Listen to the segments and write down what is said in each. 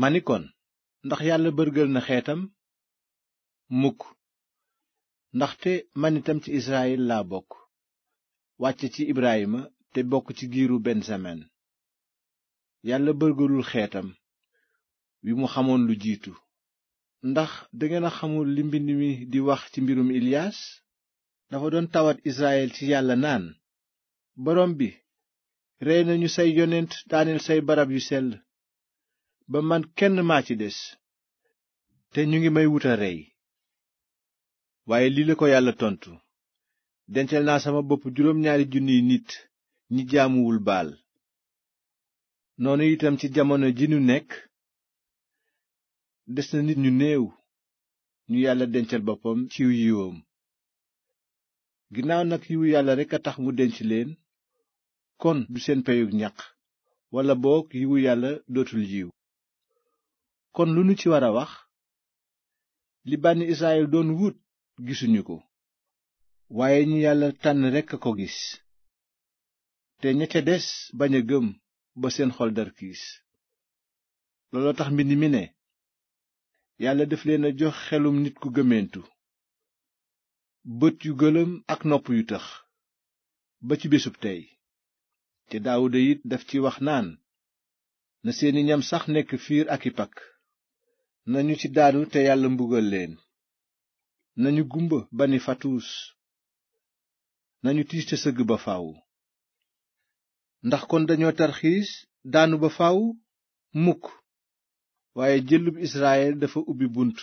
ma ndax yàlla bërgël na xeetam mukk ndaxte man itam ci israyil laa bokk wàcce ci ibrahima te bokk ci giiru bensamin yàlla bërgëlul xeetam wi mu xamoon lu jiitu ndax dangeen xamul li mbind mi di wax ci mbirum iliyas dafa doon tawat israyil ci yàlla naan borom bi rey nañu say yonent daaneel say barab yu sell ba man kenn maa ci des te ñu ngi may wuta rey waaye lii la ko yàlla tontu dencal naa sama bopp juróom ñaari junniy nit ñi jaamuwul baal noonu itam ci jamono ji nu nekk des na nit ñu néew ñu yàlla dencal boppam ci yiwoom ginnaaw nag yiwu yàlla rekk a tax mu denc leen kon du seen peyug ñaq walla boog yiwu yàlla dootul yiw kon lu nu ci war a wax li bànni Israyil doon wut gisuñu ko waaye ñi yàlla tànn rekk a ko gis te ña ca des bañ a gëm ba seen xol darkiis looloo tax mbind mi ne yàlla def leen a jox xelum nit ku gëmmentu bët yu gëlëm ak nopp yu tëx ba ci bésub tey te daawuda it daf ci wax naan na seeni ñam sax nekk fiir ak i pakk nañu ci daanu te yàlla mbugal leen nañu gumba ba ni fatuus nañu tiis te sëgg ba faw ndax kon dañoo tarxiis daanu ba faw mukk waaye jëllub israyil dafa ubbi bunt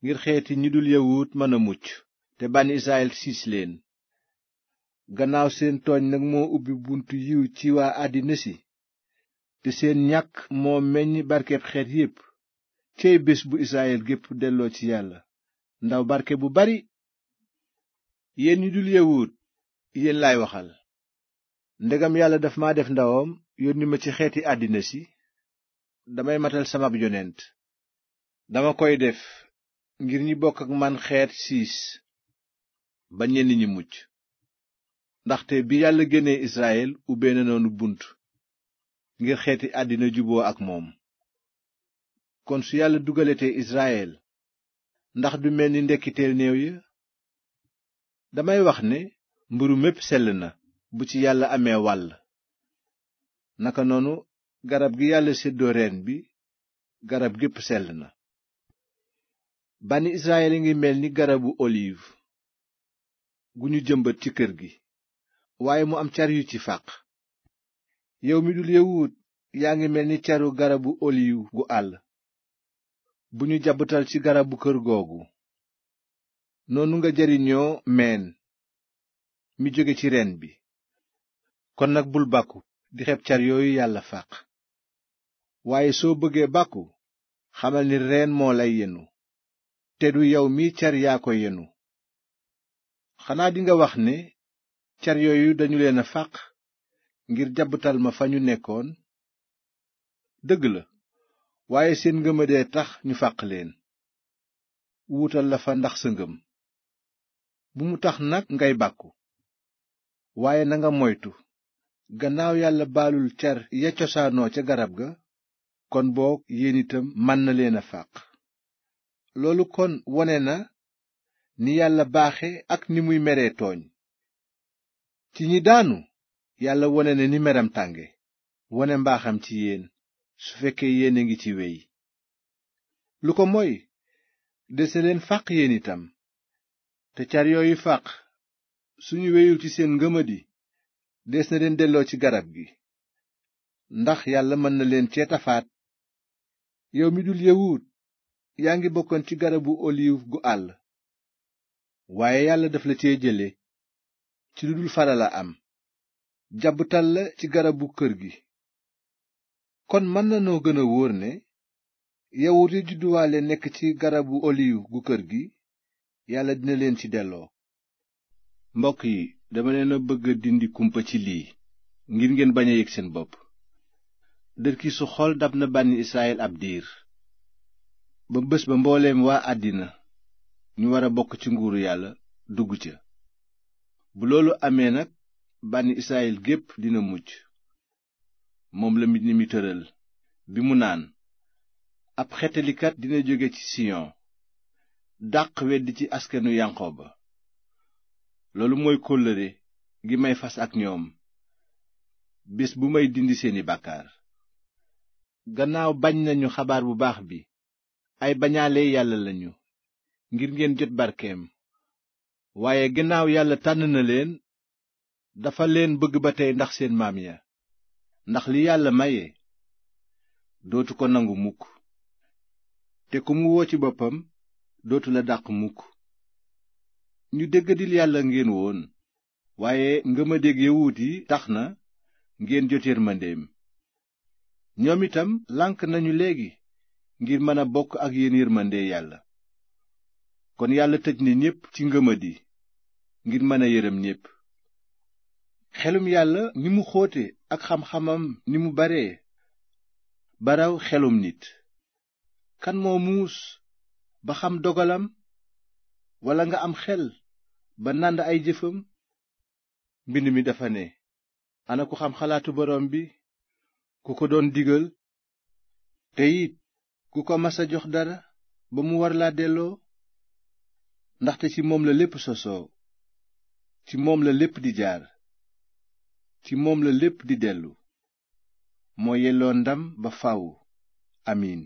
ngir xeeti ñi dul yawut mën a mucc te bànni israyil siis leen gannaaw seen tooñ nag moo ubbi buntu yiw ci waa àddina si te seen ñàkk moo meññ barkeb xeet yépp cey bés bu israyil gépp delloo ci yàlla ndaw barke bu bari yéen ñi dul yawut yéen lay waxal ndegam yàlla daf ma def ndawam yónni ma ci xeeti àddina si damay matal samab yonent dama koy def ngir ñi bokk ak man xeet siis ba ñenn ñi mucc ndaxte bi yàlla génnee israyil ubbee na noonu bunt ngir xeeti àddina juboo ak moom kon su yàlla te israyel ndax du mel ni ndekkiteel néew ya damay wax ne mburu mépp sell na bu ci yàlla amee wàll naka noonu garab gi yàlla séddoo reen bi garab gépp sell na bànni israyel a ngi mel ni garabu olive gu ñu jëmbët ci kër gi waaye mu am car yu ci fàq yow mi dul yawut yaa ngi mel ni caru garabu oliw gu àll bu ñu jabatal ci garabu kër googu noonu nga jariñoo meen mi jóge ci reen bi kon nag bul bàkku di xeb car yooyu yàlla fàq waaye soo bëggee bàkku xamal ni reen moo lay yenu te du yow mii car yaa ko yenu xanaa dinga wax ne car yooyu dañu leen a fàq ngir jabatal ma fa ñu nekkoon dëgg la waaye seen ngëmadee tax ñu fàq leen wuutal la fa ndax sa ngëm bu mu tax nag ngay bàkku waaye nanga moytu gannaaw yàlla baalul car ya cosaanoo ca garab ga kon boog yéen itam mën na leen a fàq loolu kon wone na ni yàlla baaxe ak ni muy meree tooñ ci ñi daanu yàlla wone na ni meram tànge wone mbaaxam ci yéen su fekkee yéen a ngi ci wey lu ko moy des na leen fàq yéen itam te car yooyu fàq suñu weyul ci seen ngëmadi des na leen delloo ci garab gi ndax yàlla mën na leen cee tafaat yow mi dul yawut yaa ngi bokkoon ci garabu oliw gu àll waaye yàlla daf la cee jële ci lu dul farala am jàbbutal la ci garabu kër gi kon mën nanoo gën a wóor ne yawut yi judduwaale nekk ci garabu oliw gu kër gi yàlla dina leen ci delloo mbokk yi dama leen a bëgg dindi kumpa ci lii ngir ngeen bañ a yëg seen bopp su xool dab na bànni israel ab diir ba bés ba mbooleem waa àddina ñu war a bokk ci nguuru yàlla dugg ca bu loolu amee nag bànni israel gépp dina mucc moom la mbind mi tëral bi mu naan ab xettalikat dina jóge ci siyon dàq weddi ci askanu ba loolu mooy kóllëre gi may fas ak ñoom bés bu may dindi seeni bàkkaar gannaaw bañ nañu xabaar bu baax bi ay bañaale yàlla lañu ngir ngeen jot barkeem waaye gannaaw yàlla tànn na leen dafa leen bëgg ba tey ndax seen maam ya ndax li yàlla maye dootu ko nangu mukk te ku mu woo ci boppam dootu la dàq mukk ñu déggadil yàlla ngeen woon waaye ngëmadég yawut yi tax na ngeen jot yërmandeem ñoom itam lànk nañu léegi ngir mën a bokk ak yéen yërmande yàlla kon yàlla tëj na ñépp ci ngëmadi ngir mën a yërëm ñépp xelum yàlla ni mu xóote ak xam-xamam ni mu bare baraw xelum nit kan moo muus ba xam dogalam walla nga am xel ba nànd ay jëfam mbind mi dafa ne ana ko xam xalaatu boroom bi ku ko doon digal te ku ko mas a jox dara ba mu war laa delloo ndaxte ci moom la lépp sosoo ci moom la lépp di jaar ci moom la lépp di dellu moo yelloo ndam ba faw amiin